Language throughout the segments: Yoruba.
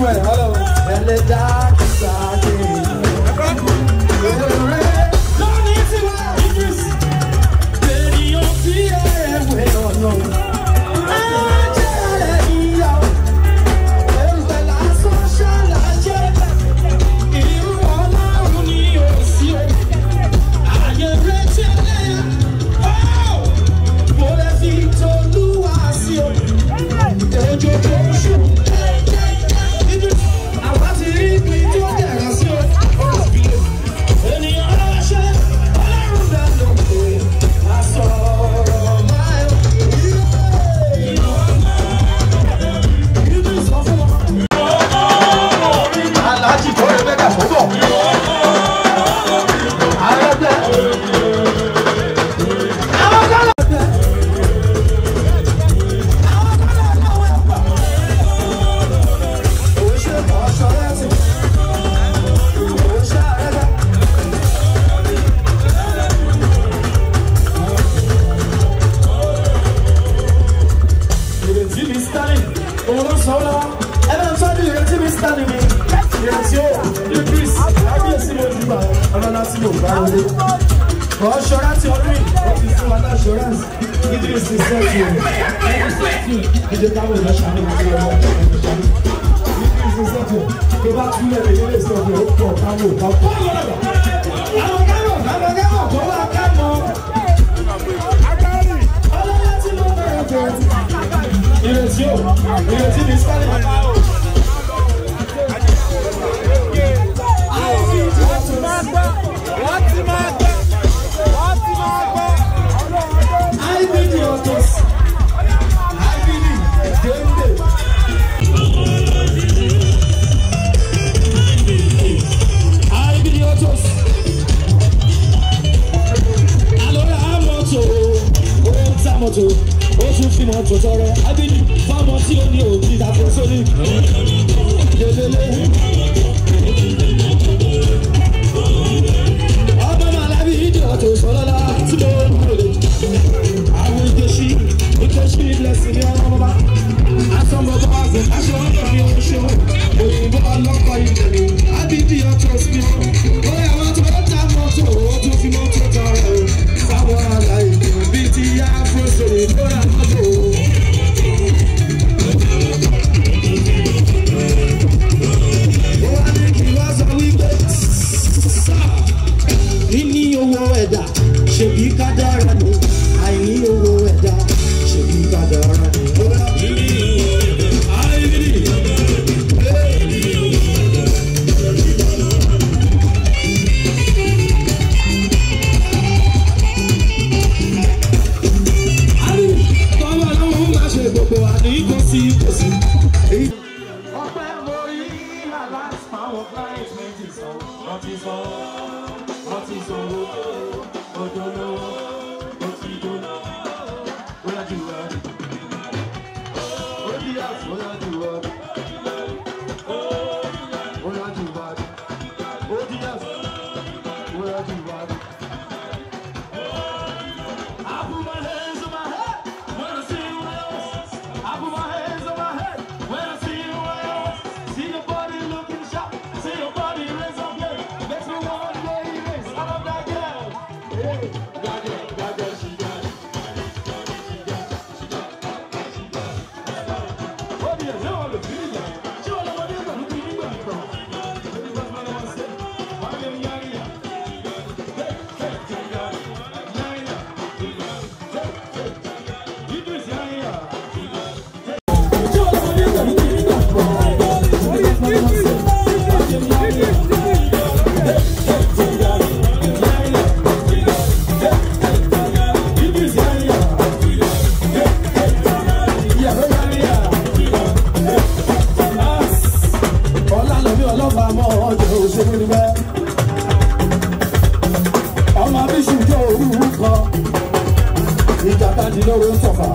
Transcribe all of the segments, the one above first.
hello. And the dark but assurance your dream but you still want assurance give you success you give you success you ìjẹ táwọn èèyàn ṣàmì ìjẹ ọmọ give you success you tó bá tún lẹ́nu ilé ìsọ̀rọ̀ ó pọ̀ táwọn ò bá pọ̀. Gel hele lọ sí ìjọsí. ọpẹ́ mo rí I àwọn my méjì sọ wọ́n ti sọ. Raja ọlọ́pàá mọ́ ọjọ́ òṣèlú rẹ. ọmọ bíṣù jọ orúkọ ìjàkadì lóró ń tọ̀fà.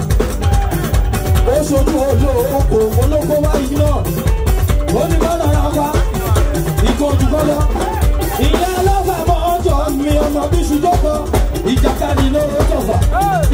ó ṣojú olóòkò olóko wáyé náà ó ní bá lára wa ìkọjú bọ́lá. ìyá ọlọ́pàá mọ́ ọjọ́ mi ọmọ bíṣù jọ́kọ ìjàkadì lóró ń tọ̀fà.